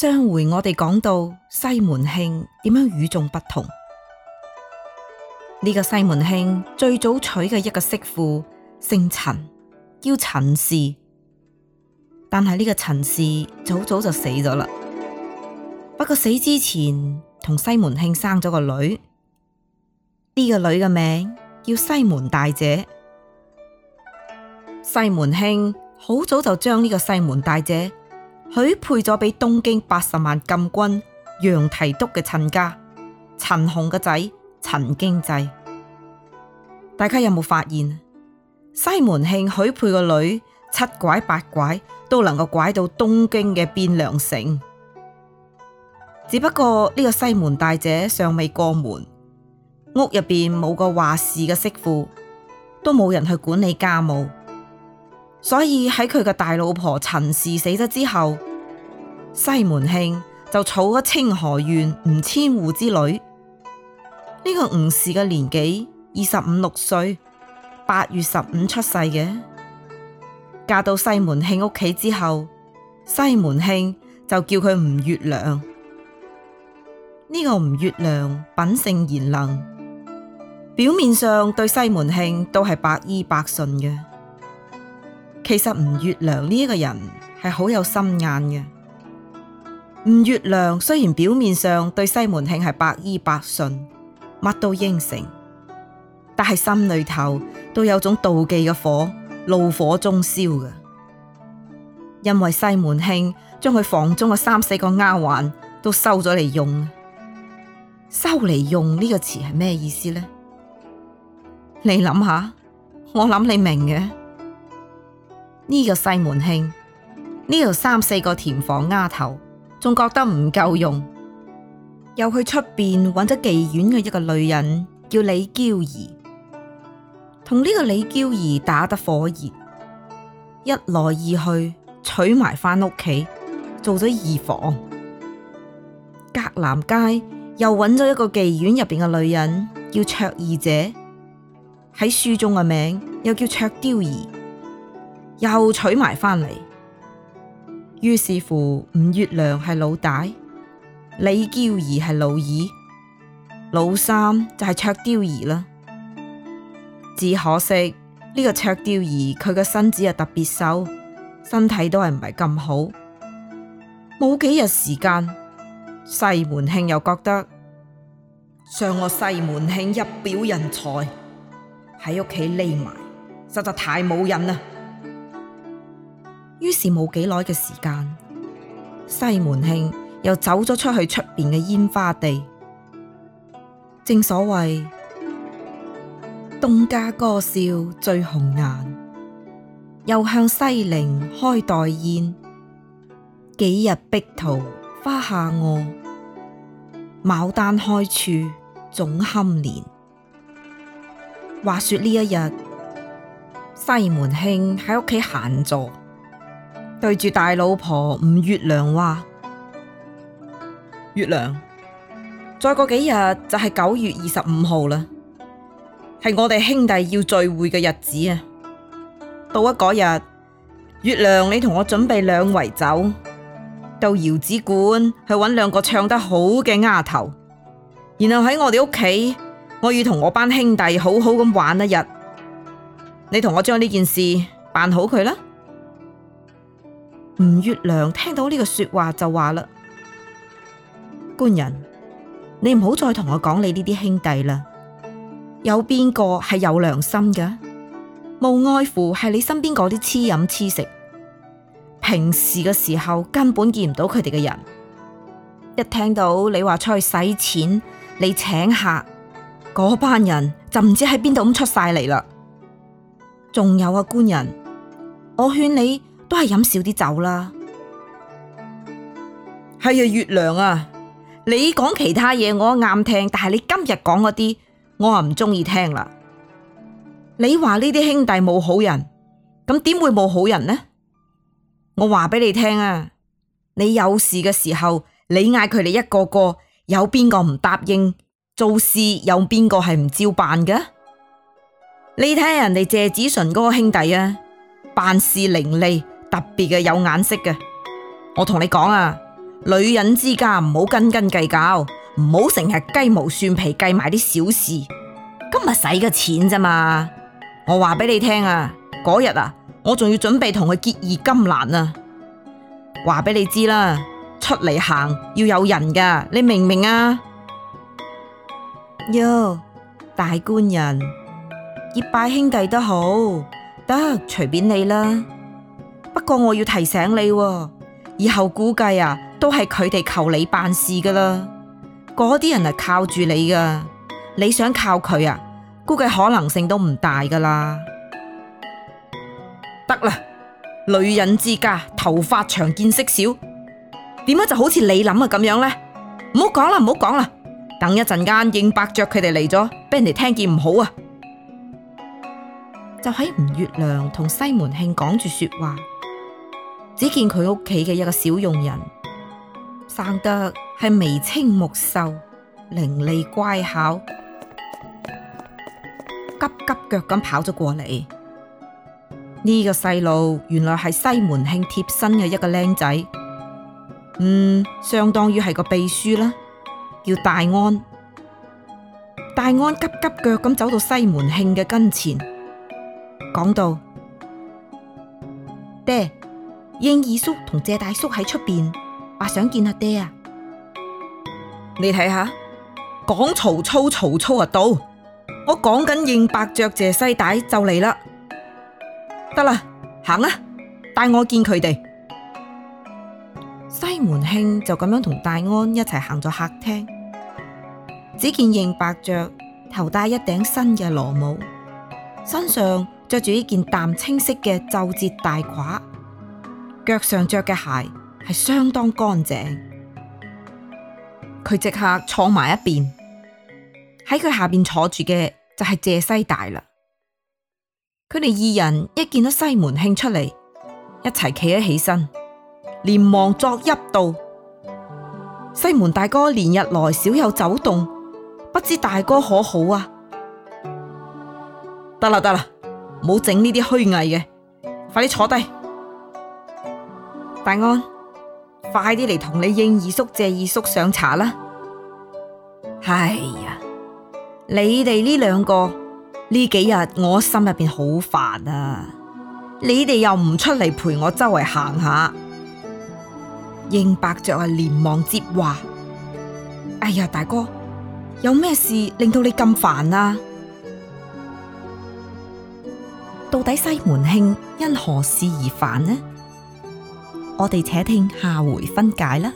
上回我哋講到西門慶點樣與眾不同。呢個西門慶最早娶嘅一個媳婦姓陳，叫陳氏。但係呢個陳氏早早就死咗啦。不過死之前同西門慶生咗個女。呢個女嘅名叫西門大姐。西門慶好早就將呢個西門大姐許配咗俾東京八十萬禁軍楊提督嘅陳家，陳洪嘅仔陳經濟。大家有冇發現？西門慶許配個女，七拐八拐都能夠拐到東京嘅汴梁城。只不過呢個西門大姐尚未過門，屋入邊冇個話事嘅媳婦，都冇人去管理家務。所以喺佢嘅大老婆陳氏死咗之後，西門慶就娶咗清河縣吳千戶之女。呢、這個吳氏嘅年紀二十五六歲，八月十五出世嘅。嫁到西門慶屋企之後，西門慶就叫佢吳月娘。呢、這個吳月娘品性賢能，表面上對西門慶都係百依百順嘅。其實吳月娘呢個人係好有心眼嘅。吳月娘雖然表面上對西門慶係百依百順，乜都應承，但係心裏頭都有種妒忌嘅火，怒火中燒嘅。因為西門慶將佢房中嘅三四個丫鬟都收咗嚟用，收嚟用呢個詞係咩意思呢？你諗下，我諗你明嘅。呢個西門慶呢度三四個填房丫頭，仲覺得唔夠用，又去出邊揾咗妓院嘅一個女人，叫李嬌兒，同呢個李嬌兒打得火熱，一來二去娶埋返屋企，做咗二房。隔南街又揾咗一個妓院入邊嘅女人，叫卓二姐，喺書中嘅名又叫卓丟兒。又取埋翻嚟，於是乎，吳月娘係老大，李嬌兒係老二，老三就係卓雕兒啦。只可惜呢、這個卓雕兒，佢嘅身子又特別瘦，身體都係唔係咁好。冇幾日時間，西門慶又覺得，上我西門慶一表人才，喺屋企匿埋，實在太冇癮啦。於是冇幾耐嘅時間，西門慶又走咗出去出邊嘅煙花地。正所謂東家歌笑醉紅顏，又向西陵開代宴。幾日碧桃花下卧，牡丹開處總堪憐。話說呢一日，西門慶喺屋企閒坐。對住大老婆吳月娘話：月娘，再過幾，就是，日就係九月二十五號啦，係我哋兄弟要聚會嘅日子啊！到咗嗰日，月娘你同我準備兩圍酒，到窑子館去揾兩個唱得好嘅丫頭，然後喺我哋屋企，我要同我班兄弟好好咁玩一日。你同我將呢件事辦好佢啦。吳月娘聽到呢個說話就話啦：官人，你唔好再同我講你呢啲兄弟啦，有邊個係有良心嘅？無外乎係你身邊嗰啲黐飲黐食，平時嘅時候根本見唔到佢哋嘅人，一聽到你話出去使錢，你請客，嗰班人就唔知喺邊度咁出晒嚟啦。仲有啊，官人，我勸你。都係飲少啲酒啦。係啊，月娘啊，你講其他嘢我啱聽，但係你今日講嗰啲我又唔中意聽啦。你話呢啲兄弟冇好人，咁點會冇好人呢？我話俾你聽啊，你有事嘅時候，你嗌佢哋一個個，有邊個唔答應，做事有邊個係唔照辦嘅？你睇下人哋謝子純嗰個兄弟啊，辦事伶俐。特別嘅有眼色嘅，我同你講啊，女人之家唔好斤斤計較，唔好成日雞毛蒜皮計埋啲小事。今日使嘅錢咋嘛，我話俾你聽啊，嗰日啊，我仲要準備同佢結義金蘭啊。話俾你知、啊、啦，出嚟行要有人噶，你明唔明啊？喲，大官人，結拜兄弟都好得，隨便你啦。不過我要提醒你、哦，以後估計啊，都係佢哋求你辦事噶啦。嗰啲人係靠住你噶，你想靠佢啊，估計可能性都唔大噶啦。得啦，女人之家，頭髮長見識少，點解就好似你諗啊咁樣呢？唔好講啦，唔好講啦，等一陣間應伯爵佢哋嚟咗，俾人哋聽見唔好啊。就喺吳月娘同西門慶講住說話。只見佢屋企嘅一個小傭人，生得係眉清目秀、伶俐乖巧，急急腳咁跑咗過嚟。呢個細路原來係西門慶貼身嘅一個靚仔，嗯，相當於係個秘書啦，叫大安。大安急急腳咁走到西門慶嘅跟前，講道：爹。應二叔同謝大叔喺出邊，話想見阿爹啊！你睇下，講曹操，曹操就到。我講緊應伯爵謝希大就嚟啦。得啦，行啦，帶我見佢哋。西門慶就咁樣同大安一齊行咗客廳，只見應伯爵頭戴一頂新嘅羅帽，身上着住一件淡青色嘅皺節大褂。腳上着嘅鞋係相當乾淨，佢即刻坐埋一邊，喺佢下邊坐住嘅就係謝希大啦。佢哋二人一見到西門慶出嚟，一齊企得起身，連忙作揖道：西門大哥，連日來少有走動，不知大哥可好啊？得啦得啦，冇整呢啲虛偽嘅，快啲坐低。大安，快啲嚟同你應二叔、謝二叔上茶啦！哎呀，你哋呢兩個呢幾日我心入邊好煩啊！你哋又唔出嚟陪我周圍行下。應伯爵啊，連忙接話：哎呀，大哥，有咩事令到你咁煩啊？到底西門慶因何事而煩呢？我哋且聽下回分解啦。